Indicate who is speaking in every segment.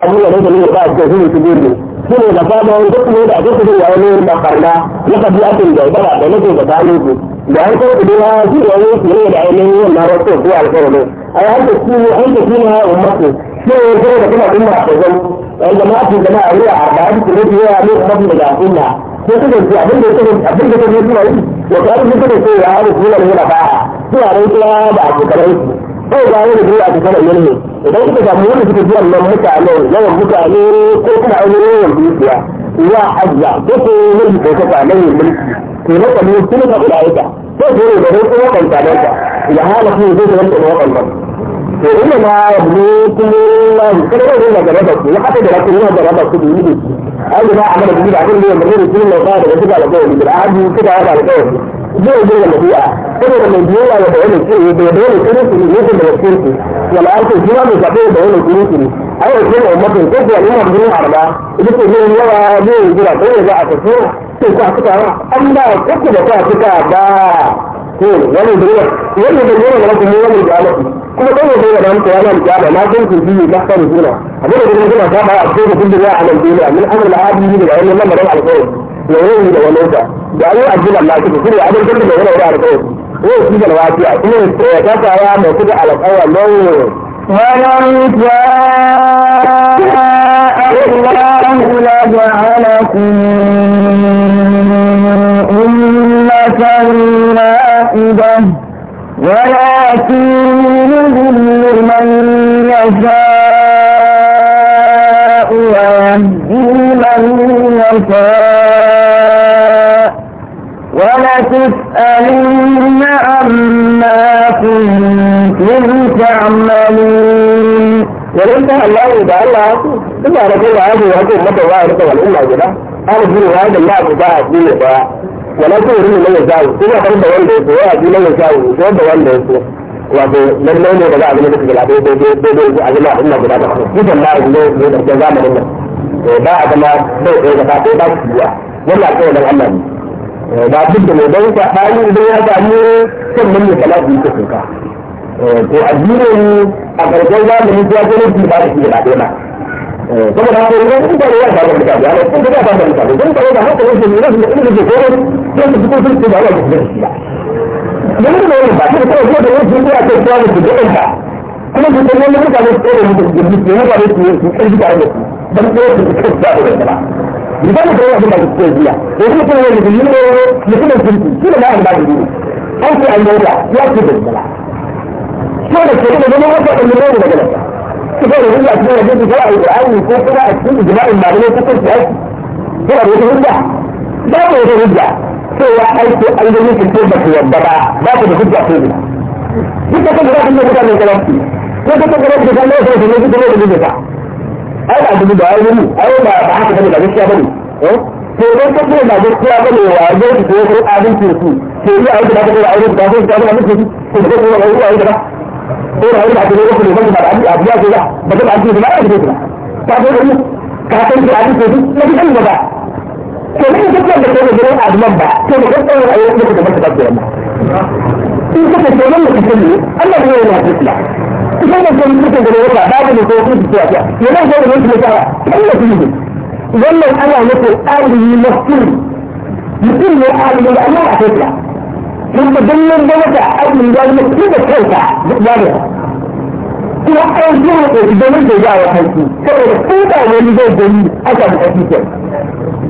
Speaker 1: abubuwa da ne ba a cikin su gudu shi ne da fama wani duk ne da ake su da wani da farna na kabi akin da ibara da nake da gano su da an kai kudi na shi da wani su ne da ainihin yin na wasu su alƙarfi a yi hanta su ne an tafi na ummatu shi ne kuma da kuma umma a tsaye wani jama'a ce jama'a ruwa a da an kuma biyu a ne ummatu daga al'umma ko suka ce abin da suka abin da suka yi suna yi wata abin da suka ce ya hau suna ne na ba suna ne kuma da abokanai su ko ba wani biyu a tattara ilmi idan kuka samu wanda suka ji wannan mutane yawan mutane ko kuma aure yawan dukiya ya hajja ko ko wani ko kafa nan mulki to na kamar kuma ka kula ita ko ko da ko kuma kan ta da ya hala ko zai da wannan wannan وإنما يبلوكم الله كان هو ما جربكم وحتى جربكم ما جربكم بيده أول ما عمل بيده بعدين هو من غير كل ما صار كده على قولي بالعادي كده على قولي دي دي اللي فيها كده لما يجي لنا بيقول كده بيقول كده في الناس اللي بتكلم ولا أنت جوا مش عارف بيقول كده أيوة كده أمك كده يعني ما بنقول على ده اللي بيقول يلا دي دي لا تقول بقى تقول تقول تقول أما كده كده كده ده كده ولا يدري ولا يدري ولا يدري ولا يدري kuma kai ne daga nan kowa nan kiyama na kun kun biyu da kan juna abin da kuma kuna saba a cikin kun da a nan duniya min amrul adili daga wannan lamarin alƙawari da yayi da wani da da ayi addinin Allah kike kuma abin da kuma yana da alƙawari ko shi da lafiya kuma ya tafa ya mai kuma alƙawari ولو شاء الله لجعلكم أمة واحدة ولا ولكن يذل من يشاء ويهدي من يشاء ولتسألن عما كنتم تعملون ولن الله إذا الله إلا رسول هذه وأكون مدى الله رسول الأمة جدا أرجو هذا الله مباعد لي ولا توري من يزاوي كما قلت وانده يزاوي ويأتي من يزاوي وانده يزاوي wato lallai ne da za a gani duka gaba daidai daidai a zama al'umma guda da dukkan ba a zama da da zamanin nan ba a zama bai ɗaya gaba ɗaya ba su biya wannan kawai dan Allah ne ba duk da mai don ka ɗani idan ya samu kan nan ne kamar su yake suka to addini ne a ƙarshen zamanin ya gani su ba da shi gaba ɗaya ba saboda haka idan kun da ya samu mutane ana kun da ya samu mutane don kawai da haka yake ne na su da ilimi da kowa sai su fito sun ce ba za su da shi ba yanzu da wani ba ta da kawai da wani jirgi a kai kuwa da su gaɗin ta kuma su san wani mutane su tsaye da mutu da mutu yana da su su ƙarfi tare da su don tsaye da su kai su zaɓi da ba misali da wani da su tsaye biya da kuma kuma wani da yin wani mutumin jirgi shi da ma'an ba da biyu an ce an yauda ya ce da zala ko da ke da zama wata ɗan yau da galata su ga da wani a cikin rajin su ga a yi ko kuma a cikin ijma'in malamai ko kuma su aiki ko a wata hujja ba ko wata hujja cewa aiki an gani ki ko ba ku yadda ba ba ku da hujja ko ba duk da kuma kun da mutane da wasu ko da kuma kun da Allah ya ne kuma da duka ai da duka ai ne ba ba ba eh? ba su aiki da kuma aure da kuma da kuma ki ko da kuma aure da kuma ko da aure da kuma ko da ba da abu ya ce ba ba ba ba ka san ki ba to ne duk wanda ke a adnan ba to da gaskiya ne ayyukan da kuma tabbata wannan in kuka ce wannan kuka ne Allah ne yana fitla idan da kun kuka gurin wata babu ne ko kun kuka ya yana da wani mutum ya Allah ne wannan ana nufin alihi masir mutum ne alihi da Allah a fitla in da dallon da wata alihi da Allah ne da kanka ya ne kuma an zuwa da idan da ya wa kanki saboda ko da wani zai gani aka da kafin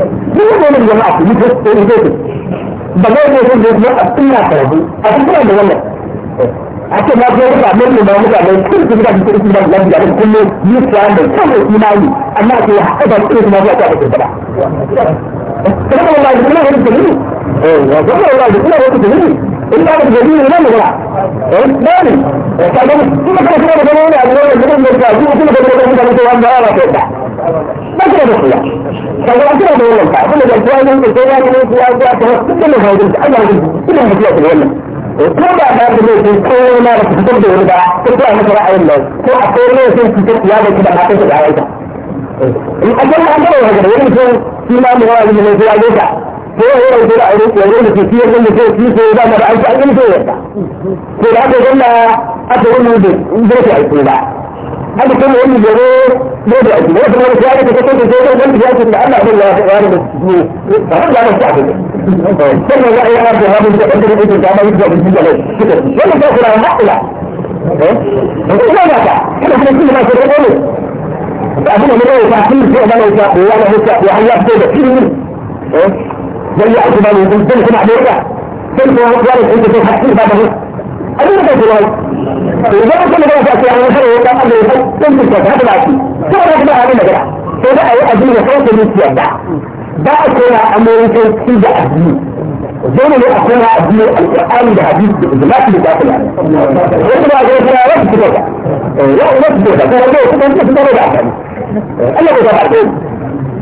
Speaker 1: duk wani jama'a ku yi ko yi ko ba ne a tsina a da wannan a ce na zai rufa mai nuna mutane kun su gida cikin kuma da ko da kuma yi ko da amma ke kuma zuwa ta da kada wallahi kuma eh wallahi kuma da ne ne ثاني كل كده كده بدون على الوضع بدون مركز كل كده كده بدون كده بدون ما راح تفتح ما كده بخلع فلو كده بقول لك كل ده الجوال اللي جوال اللي جوال ده كل ده موجود انا كل ده في الولا وكل ده بعد اللي كل ما راح تفضل ده بقى كل ده مش راح يلا كل اقول له في كده يا ده كده ما تقدر عليك الاجل عندنا هذا اللي في ما هو اللي في عليك هو هو يقول يقول كثير من اللي في ده ما بعرفش اي شيء ده في العقل يقول لها اقول له دي مدرسه عيسى بقى هذا كله يقول لي جرور مدرسه مدرسه مدرسه في عقل كنت كنت كنت في عقل انا اقول له غير مسجون فهذا انا صاحبي ثم لا يا رب هذا اللي قدر يجي كما يبدا بالجمله كده ولا تاخذ على حق لا لا لا كده كل ما تقوله أبونا من أول تعقيد في أمان الزاق وأنا هو تعقيد وحياة كده كده زي عثمان وزلزلت معلومة تلك وقال انت تحكي بعده أنا ما أقول إذا كنت مدرسة في أنا مشروع وكان أنا يقول تنتج هذا بعدي شو أنا كده أنا مجرى فلا أدين صوت النسيان ده ده أكون أمريكا في أدين زي ما أكون أدين القرآن ده حديث بالذات اللي داخل يعني وأنا بقى جاي أنا وقت كده لا وقت كده ده هو كده كده ده أنا بقى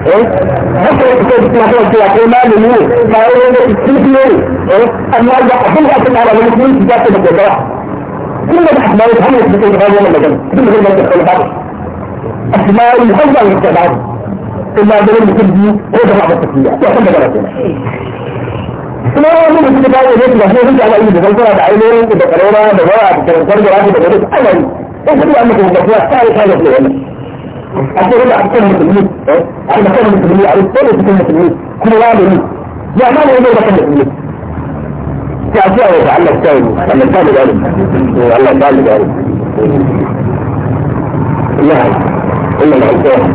Speaker 1: haka yake ko kuma ko ya kai malami ne ba wai da istifiyo ne amma da abin da aka tsara wani kuma da ta da gaba كل ما تحب ما يفهمه في كل هذا المجال كل غير ما تدخل بعض أسماء الحمد لله في بعض إلا دليل بكل هو ده بعض التسمية وحمد لله ربنا ثم هو من الاتباع إليك ما هو رجع على أيدي بالقرى بعينه بقرورة بقرى بقرى بقرى بقرى بقرى بقرى بقرى بقرى بقرى بقرى بقرى عشان يرجع أركان المسلمين على مكان المسلمين على الطريق مكان المسلمين كل واحد يعمل إيه مكان المسلمين تعزيه وتعلق تايم أنا تالي العلم الله تالي العلم لا إلا العلم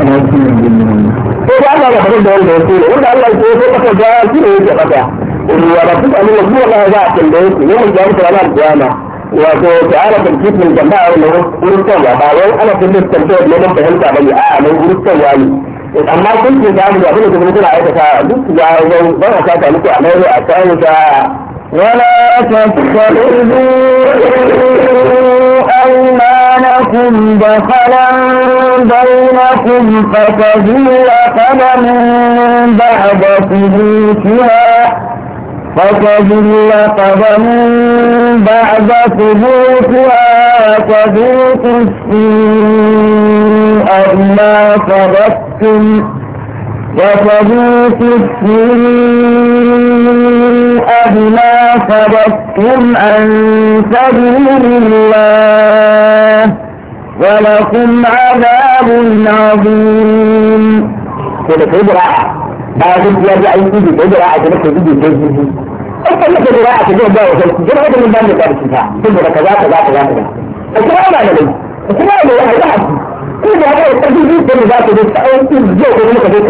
Speaker 1: أنا أسمع بالله إيه الله يخبر ده الرسول وده الله يقول فقط جاء كل يجي قطع ورسول الله يقول الله ذاك البيت يوم القيامة على القيامة wato ta ana tafkitin jama'a wani wurin kanwa ba wai ana tafkitin tantar neman fahimta bane a nan wurin kanwa ne amma kun ce da mu da abin kuma kuna aikata duk ya zai ba a saka muku a nan a kawo ta ولا تتخذوا أيمانكم دخلا بينكم فتزول قدم بعد ثبوتها فتضل قدم بعد ثبوتها فذوق السوء ما صدقتم وتذوق السوء ما صدقتم أن سبيل الله ولكم عذاب عظيم بعد يا جاي يجي يجي راح يجي يجي يجي أكثر من كذا راح تجي جاي وصلت جرى هذا من بعد كذا ثم كذا كذا كذا كذا الكلام على لي الكلام على واحد واحد كل هذا التجديد من ذات الجسد أو الجو كل ما كذا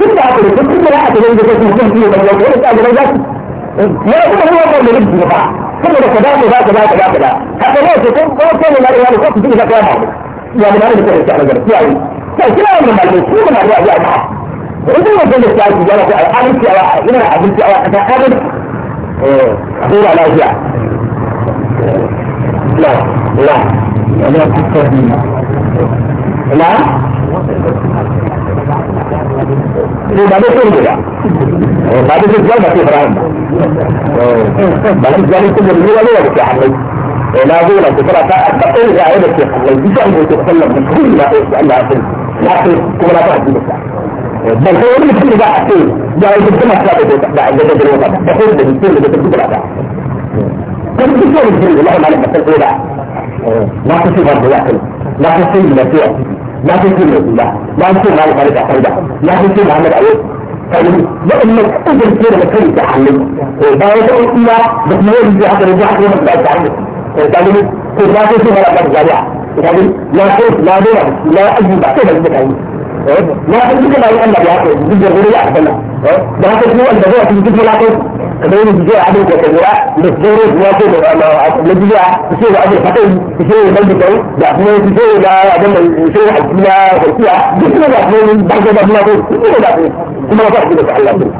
Speaker 1: كذا كذا كل هذا كل راح تجي جاي كذا ممكن فيه كذا كذا كذا كذا يا كل هو ما يريد يبقى كل كذا كذا كذا كذا كذا حتى لو تكون كل ما يعني كذا كذا يعني ما نقدر نستعمل يعني فالكلام من بعد كل ما راح يجي idan mutum da ta ji yana da abinci a yana abinci a wata abin eh dole lafiya la la ana kuka ni la ne ba da kun gida ba da kun ba ce fara ba ba da kun kun ne wani da ke hannu لا دولة ترى تقول يا عيلة الشيخ الله يجعل ويتكلم بكل ما يسأل الله عنه لكن كما لا تعرف ده الحوار اللي كله ده حسين ده الجماعة ثابت ده الجدد الوطن ده كل ده كل ده كل ده كل ده كل ده الله ما لك تقول ده لا تصير برضه لا لا تصير لا لا تصير لا لا تصير مالك مالك أحسن لا تصير مالك أيوب لأنك أجل كده بكل تعلم ده يدعو إلى بتنور في عقل الجاحة وما تبقى تعلم تعلم كل ما تصير ولا تبقى لا لا لا لا لا أجل بعد كده ما أحد يجب أن يؤمن بهذا الجزء الغرية أحسن بهذا الجزء الذي في الجزء العقل كبير الجزء عدد وكبيرة بسجورة واجب الجزء يصير أجل فتن يصير بلد كوي بأسنة يصير إلى أدم يصير حسنة وكيا جسنا بأسنة بعد ذلك ما تقول كل ذلك ثم لا تحدث على الله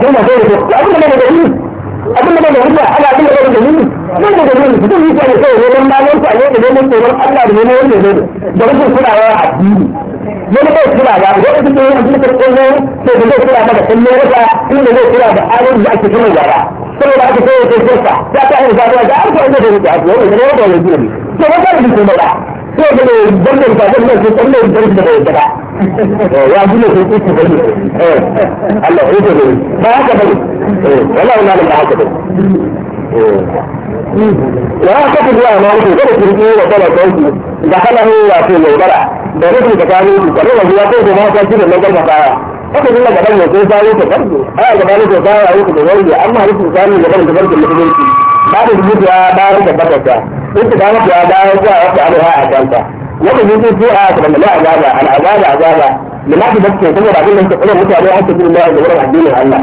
Speaker 1: ثم تقول أقول ما بدأني أقول ما بدأني على أقول ما بدأني ما بدأني بدون يسأل يسأل ولما نرفع يده من الله الله من الله من الله من الله من الله من الله wani bai kula ba lokacin da yanzu ka tsoho to da zai kula da kallon wata inda zai kula da ayoyin da ake kuma yara saboda aka kai wata shirka ya ta hanyar zaɓa da an kawai da rike a tsoho da wata wani jiri to wata da bikin ba to da ne bangar ba zan nan sun tsalle da rike da yadda ya gina sun kusa bane eh, Allah ya rike eh, da ba haka wallahi na da haka bane wa ka fi zuwa ma wuce kada kirki wa kala a da kala hin ya ce yaudara da rufin ka kare shi a wa zuwa kai da ma ka kira nan garba kaya haka dinga gaban ne sai sai ta farko a gaban ne sai sai ta farko amma rufin a ne gaban da farko mutunci babu rubutu ya ba da bakata duk da mutu ya bayar da wata alwa a kanta wanda ne sai a kuma da azaba al azaba azaba ba da ke kuma da abin da ke kuma mutane a cikin da wurin addinin Allah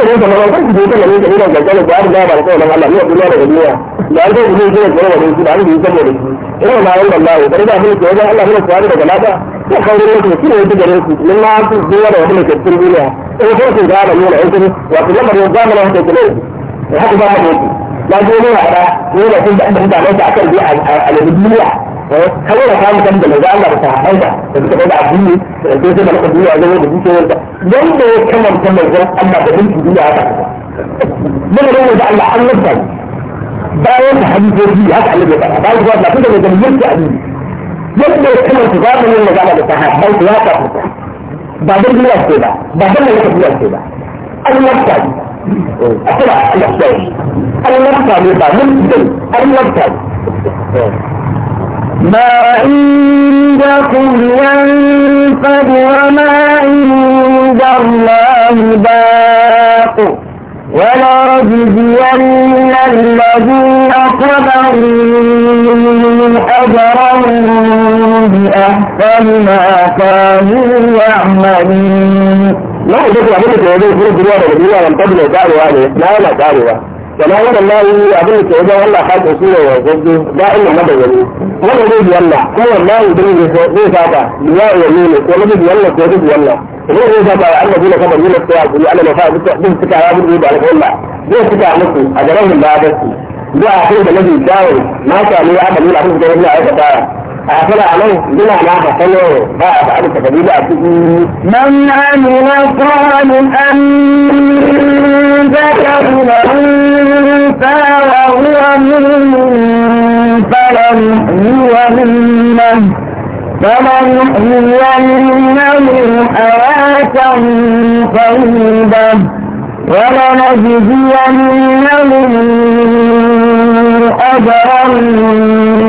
Speaker 1: hankalin sa ma kan ki ta nan ne kan kan ba da ba ko nan Allah ne duniya da duniya da an ko ne ne ko wannan shi da an yi saboda shi ina ma yan wallahi da da mun ko dan Allah ne ko daga lada ko kawai ne ko kire da gare su mun ma su duniya da wannan ke cikin duniya in ko su ga da mun aiki wa kullum da zaman da haka ne haka ba haka ne la duniya da dole kun da an da ta akan bi a duniya kawai da kayan mutane da mai Allah da sahabbai da da suka da addini da sai sai malaka duniya zama da dukiyar da wanda ya kamanta mai zan Allah da dinki duniya haka mun ga wanda Allah an lubba bayan da hadisi haka Allah ya fara bayan da Allah tunda mai zan yanke addini yadda ya kamanta zamanin da Allah da sahabbai da ya kafa ba dan duniya ce ba ba dan malaka duniya ce ba an lubba a kira Allah sai an lubba ne ba mun dai an lubba ما عندكم ينفد وما عند الله باق ولا من الذين صبروا أجرا بأحسن ما كانوا يعملون. لو يا أبوك يقول في الدنيا والدنيا لم تبلغ دعوة عليه لا لا دعوة ولا يرى الله أبن السعودية ولا خالد أصوله وصده دائما مدعوني ولا يريد يلا هو الله يدري ليه سابع بناء يمينه ولا يريد يلا ويريد يلا ليه ليه سابع عنا دينا كبر دينا السعودية يقول أنا مفاق بس تكع يا أبن ريب على كل ليه تكع نفسي أجرهم لا بس ده أخير الذي يساوي ما كان يعمل يلعب في جنة عيسى آخر عليه بما لا تخلوا بعض ألف قبيلة من عمل صالحا ذكر أنثى وهو مؤمن حياة طيبة ولنجزينهم أجرا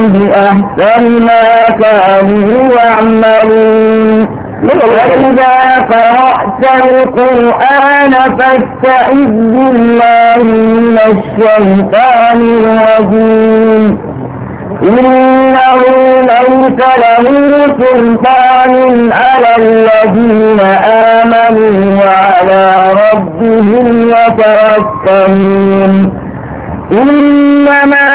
Speaker 1: بأحسن ما كانوا يعملون وإذا قرأت القرآن فاستعذ بالله من الشيطان الرجيم إنه ليس له سلطان على الذين آمنوا وعلى ربهم يتوكلون إنما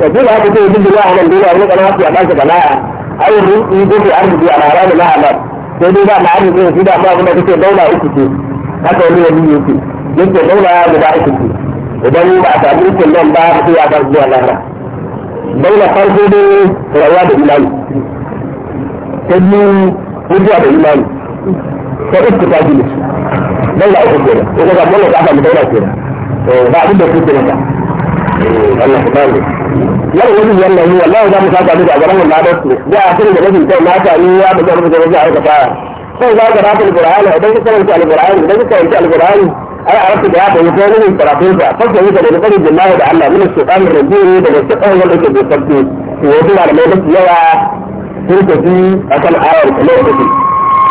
Speaker 1: وكل هذا شيء يدل الله على الدنيا ويقول انا اصلي ابانك جماعه او يدل في ارضي على حرام لا حلال sai dai ba na arziki ne shi da ba kuma kace daula uku ce haka wani wani yake yake daula ya guda uku ce idan ba a samu ikon nan ba sai ya bar zuwa lahara daula farko dai rayuwa da imani ta biyu hujja da imani ta uku ka samu daula ke nan ba abin Allah ku bani yar wani yan nan wallahi za mu saka mu da gaban wannan da su da akwai da rashin kai na ta ni ya ba za mu da rashin aikata sai za ka rafa alqur'ani idan ka karanta alqur'ani idan ka karanta alqur'ani ai a rasu da ya bayyana ko mun karatu ka fasa yi da da bari billahi da Allah min shaytan rajim da da shaytan wanda ke da sabbi to wasu malamai da yawa sun tafi akan ayar kamar take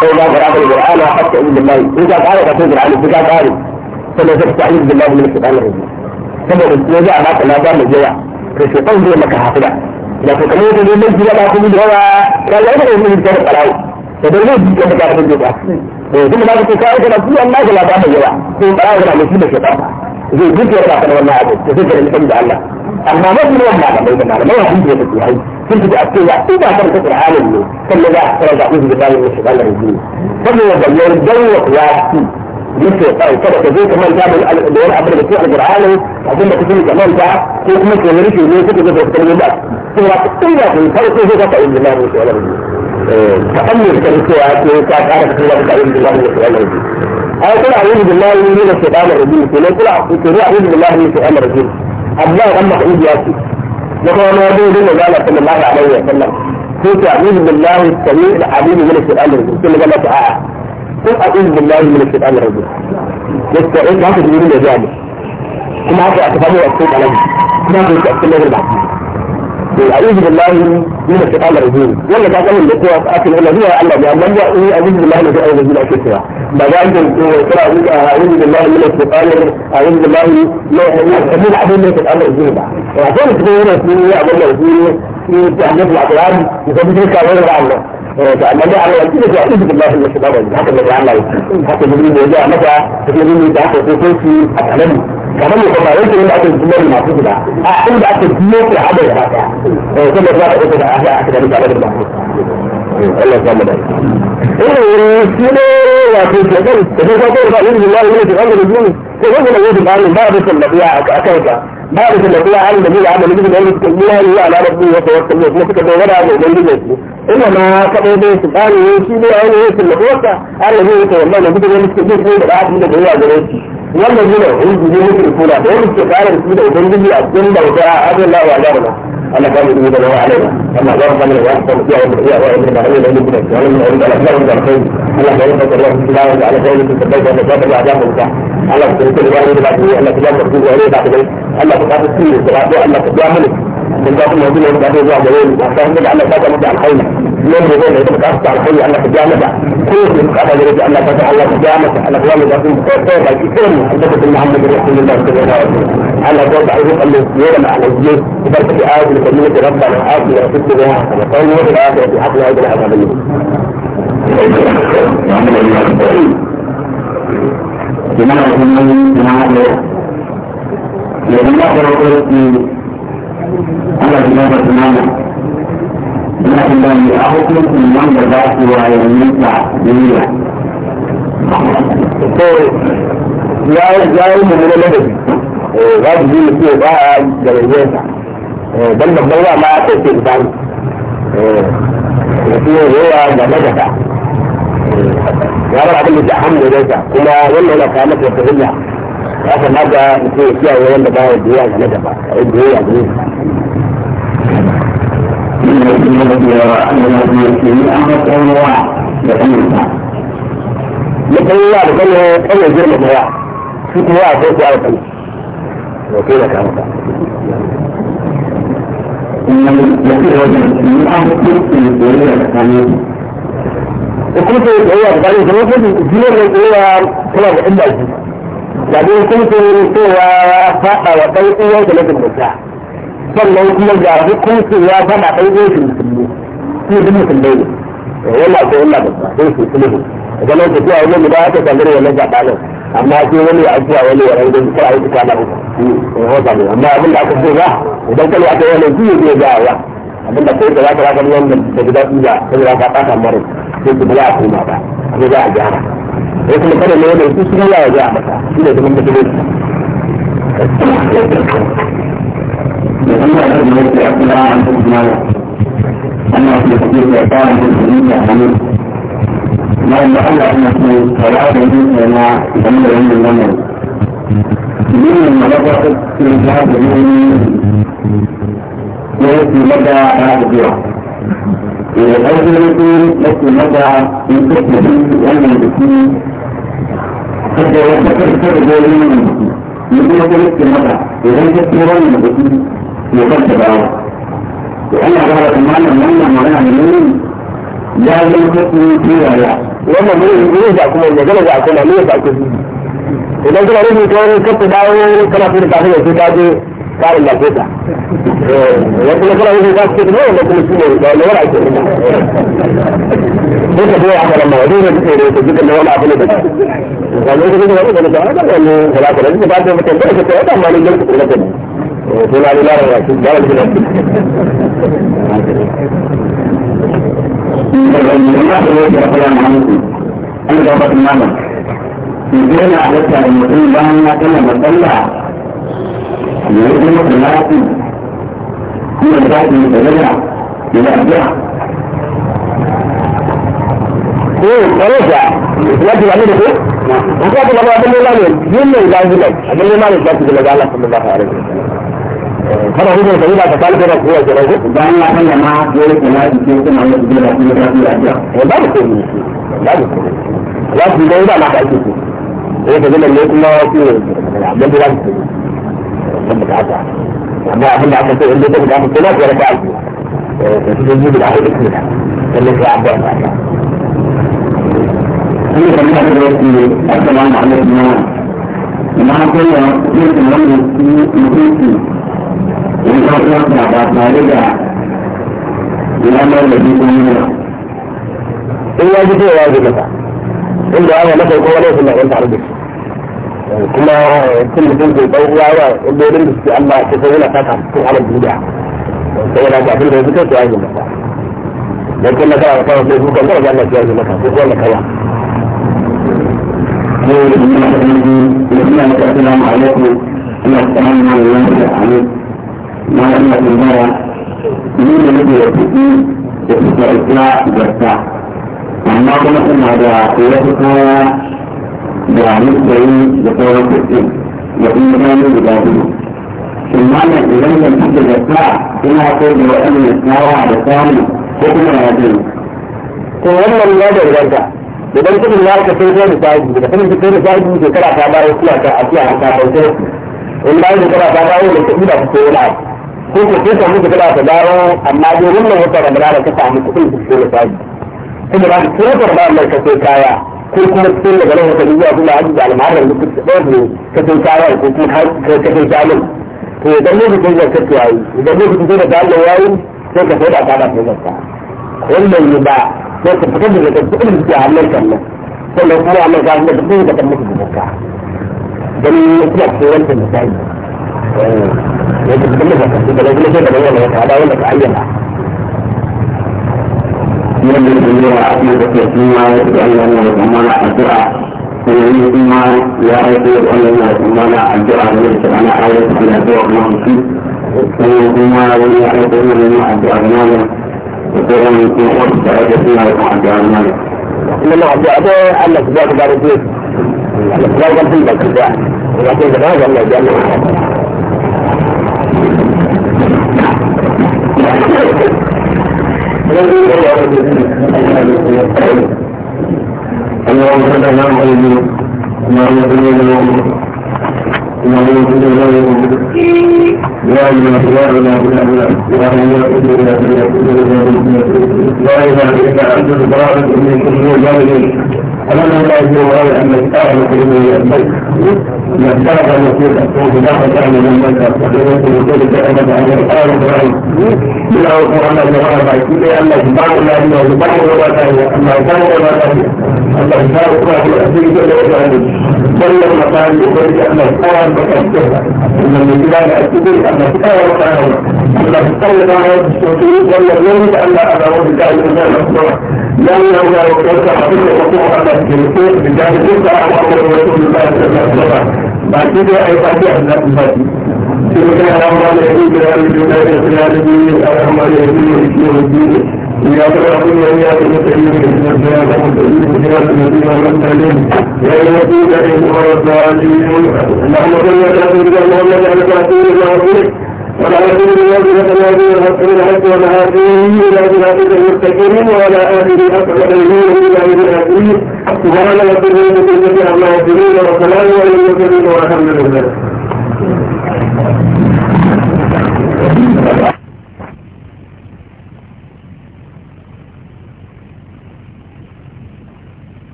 Speaker 1: sai za ka rafa alqur'ani hatta billahi in ka kare ka sai alqur'ani sai ka kare sai ka ta'awudu billahi min shaytan rajim saboda kuma za a baka lada mai yawa to shaitan zai maka hafida da ko kamar yadda zai mai ba kuma da yawa ka yi da wani da barawo to dan zai jike da kafin da ba to kuma da ko kai da kuma Allah da lada mai yawa to barawo da mai da ba. zai jike da kafin wannan abu to zai da da Allah amma mafi yawan malamai da malamai a hujjar da tuhai sun fi da a cewa in ba karanta Qur'anin ne sannan za a karanta uzu da bayan shi Allah ya yi saboda da wa qiyasi مثل او طبقه زي كمان تعمل اللي هو العمل بتروح لجرعانه عشان ما كمان ده كيف ممكن يمشي اللي يفكر زي كده من ده إيه، هو كتير في فرق زي ده في الدماغ مش ولا تأمل كالسواك وكاك عارف كل ما تعلم بالله من الشيطان الرجيم أنا طلع أعوذ بالله من الشيطان الرجيم كله طلع كله أعوذ بالله من الشيطان الرجيم الله غمق عيد ياسي لكن ما يدعو لنا قال صلى الله عليه وسلم كنت أعوذ بالله السميع العليم من الشيطان الرجيم كل ما تعالى اعوذ بالله من الشيطان الرجيم يستعيد ما تدري من الجامع كما أعطي أتفهمه وأكتب عليه كما أعطي أكتب له بعد أعوذ بالله من الشيطان الرجيم ولا تعتمد بالقوة أكل إلا هو ألا بأن لم يأوي أعوذ بالله من الشيطان الرجيم أكتبها بعد أن أعوذ بالله من الشيطان أعوذ بالله من العدو من الشيطان الرجيم وأعتقد أن هنا في أعوذ بالله من الشيطان الرجيم في تحديث الأقلام يسبب تلك to amma da Allah kike da Allah kike da Allah haka da Allah haka da Allah ya maka da Allah da haka ko ko shi a kanan kanan ko ba yake yin aka kuma ne masu da a inda aka biyo ke hada da haka to kuma za ka ga da Allah ya maka wato shekaru da zai kwakwai da ba'in da Allah ya ce ɗan da zuwa ko zai kwakwai da zuwa ba'in ba'a da sallabiya a ƙasar ka بعد ما هو عالم الذي عمل به لأن الله على ربه وتوكل وما فكر ولا عمل به إنما كما به سبحانه يشيل عينه في الوقت الذي يتولى به لأن الكبير هو العبد من الدنيا عليه والذين هم بذلك الكلى بهم استقالة بسم الله وبنجي الجنة وجاء أمر الله وعلمنا أنا كان يقول الله علينا أما ضرب من الأحسن فيها وبرئيها وإبن العلي لأن ابن الشعال من عند الأخلاق من الخير أنا خيرت الله في السلام على قولك في البيت وأنا جاب العذاب والبحر على كل واحد بعد أن الكلام مرفوض عليه بعد ذلك Allah ka kafa cikin da rabu Allah ka biya mana mun ga kuma wannan da zuwa gare ni a san da Allah ka kafa mata alkhairi yau ne zai da ka kafa alkhairi Allah ka biya mata ko ne ka kafa gare Allah ka kafa Allah ka biya mata Allah ka biya mata ko ko ba ki kiran Annabi Muhammad sallallahu alaihi wasallam على جواب عزيز قال له يوم على الجيش وبركة آيات لكلمة رب على الحاج وأسد بها حسنة طيب وفي الآخرة في حقل هذا الحاجة منه
Speaker 2: بمعنى أنه بمعنى لأنه يقول
Speaker 1: على جنابة المعنى لكن لم يأخذ من من بذات ويمنع جميعا ya ya yi mummunan ladabi za su ji mutum ba a garejiyarsa don babban wa ma ta ce ba ni mutum yawa ga magata ya bar abin da ta hamdu kuma wannan na kawo masa ta hujja ya kamata mutum ya kiyaye wanda ba ya biya game da ba a yi biya ne لكن الله بقول له قل له جرم الضياع في ضياع فوق على القلب وكيل كان وكنت هو قال لي هو كل هو كل عند Gabin sun sun yi cewa ya faɗa wa ɗan uwansa na zumunta sannan kuma ga hukuncin ya faɗa ɗan uwansa musulmi shi duk musulmai ne wannan ko wannan ba sun su sulhu idan an tafiya wani guda aka sandar wannan zaɓanin amma sai wani ya ajiya wani ya rango kar a yi fita na roba amma abin da aka so ba idan kalo aka yi wani zai zai gawa abin da kai da zaka zaka wannan da gida ɗuga saboda ka ɓata mara sai ku ba za a koma ba abin za a gyara ko kuma kada ne wanda su ya yawa a mata shi da zaman bajiro أنا في تقدير إعطاء الجنسية عمير ما إن الله أن في صلاة الجنسية مع جميع علم الأمر من المناطق في الجهاز اليومي وفي مدى هذا الجهاز الأول يكون لك مدى من كتبه ومن بسيط
Speaker 2: da ya tafi da
Speaker 1: tafi da wani mai mutu ya kuma kuma ke mata idan ta tura wani mutu ya kwanta da wa to ana ba da tsammanin wannan magana ne ne ya yi kuma tura ya wannan ne ne da kuma ne gane da kuma ne da kuma idan kuma ne ta wani kafa dawo kana fita kafin da fita je قال الله كده لكن كده هو بس كده هو لكن كده ولا ولا كده ده هو عمل الموضوع ده كده كده اللي هو عمله ده قال له كده هو ده ده اللي طلع كده ده بعد ما كده كده ده ما اللي كده كده طلع لي لا لا ده
Speaker 2: كده
Speaker 1: أنا جابت المعنى. من غير أحدث المسلم بأن يتم مسلح يريدون خلاقي
Speaker 2: هو البعض المتبرع إلى أبدع رجع يجب أن يدخل وكانت الله أبن الله
Speaker 1: يجب أن يجب أن يجب أن يجب أن يجب أن صلى الله عليه وسلم kada hudu da ila ta talibin da kuwa jira ko da Allah kan da ma dole ko lafi ko kuma Allah da da kuma da lafiya wallahi ko ni wallahi ko wallahi da ila ma ka ake ko eh da ne kuma ko da da ولكن يجب ان يكون هناك افضل من اجل ان يكون هناك افضل من اجل ان يكون هناك افضل من اجل ان يكون هناك افضل من اجل ان يكون هناك افضل من اجل ان يكون هناك افضل من اجل ان يكون هناك افضل من اجل ان يكون هناك افضل من اجل ان يكون هناك افضل من اجل ان يكون هناك افضل من اجل ان يكون هناك افضل من اجل ان يكون هناك افضل ان يكون هناك افضل من اجل ان ان يكون هناك افضل من اجل ان ان يكون هناك افضل من اجل ان ان يكون هناك افضل من اجل ان ان يكون هناك افضل من اجل kuma tun mutum zai ɗan uwa wa illolin da suke Allah ya san yana saka cikin halin duniya sai yana ga abin da ya fito to ya yi masa kuma kana da kawai sai hukan da Allah yi ko kuma kawa السلام da musulmi da sauran kuɗi da kuma gani guda biyu shin da idan da kuke da sa ina ko da waɗanda tsawa da samu ko kuma ya zai ko wannan ya danganta idan kudin ya ka sai sai da sa'i da kuma sai da sa'i shekara ta bayo kula ta a ta bauta in bayan shekara ta bayo da kuɗi da kuke wani ko ko sai samu da kada ta dawo amma dai wannan wata ramadana ka samu kuɗin da kuke da sa'i kuma ba ka tsoro da Allah ka sai kaya ko kuma cikin daga nan wata zuwa kuma aji da al'amarin da kuka ɗauke ka kai shawar ko kuma ka kai shawar to idan lokacin da ka tuwayi idan lokacin da ka Allah yayi sai ka faɗa ka da faɗa ka wannan ne ba sai ka fitar da ka kuɗin da ke hannun kan nan sannan kuma Allah ka da kuɗin da kan muku da ka dan kuma tsoron da misali yadda kuma ka da kuma sai da wannan ka da wannan ka ayyana يجب أن يرى أحمد فيما يتألم ويتمنع الدعاء ويما لا يطيق أن يتمنع الدعاء وليس على حالة على الدعاء ما ممكن ويما لا يطيق أن يمنع الدعاء ماله وكذا يكون خلص فيما يقع الدعاء ماله إنما الدعاء ده أنك ذاك دار البيت لا يقبل لك الدعاء ولكن هذا اللي جمع
Speaker 2: اللهم صل على
Speaker 1: محمد اللهم صل على محمد اللهم صل على محمد محمد لا اله الا الله لا اله الا الله لا اله الا انت سبحانك اني كنت من الظالمين اللهم لا اله الا انت اعلم بما يأتيك يبتغى المسيح الصوت بعد أهل المنزل ويمكن وجود دائما عن القرآن الرحيم إلى القرآن الرحيم لأن الجبار لا إلا الجبار ولا ثانية أما الجبار ولا ثانية أما الجبار ولا ثانية إلا الجبار كل المكان يقول أن القرآن مكتبها أن الجبار أكتبه أن القرآن مكتبها أن القرآن مكتبها ولا يريد أن أنا أريد أن أكتبها لأنه لو كنت حفظه وقوع على التلفون بجانب الله ورسول الله صلى الله عليه وسلم Bagi dia air pati yang nak dibagi Sehingga Alhamdulillah itu Dia ada juga yang sedia lagi Alhamdulillah itu Dia ada juga yang sedia lagi Dia ada juga yang sedia lagi Dia ada juga yang sedia lagi Dia ada juga yang sedia lagi Dia ada juga yang sedia lagi Dia ada juga yang sedia lagi Dia ada juga yang sedia lagi ولا يكون واجبة الذين يغفرون الحق ومعاصيه إلى أولئك المرتكبين ولا آخر أصعد يمينه إلى أولئك سبحان ربه بكلمة عما يصفون وسلام على المرسلين والحمد لله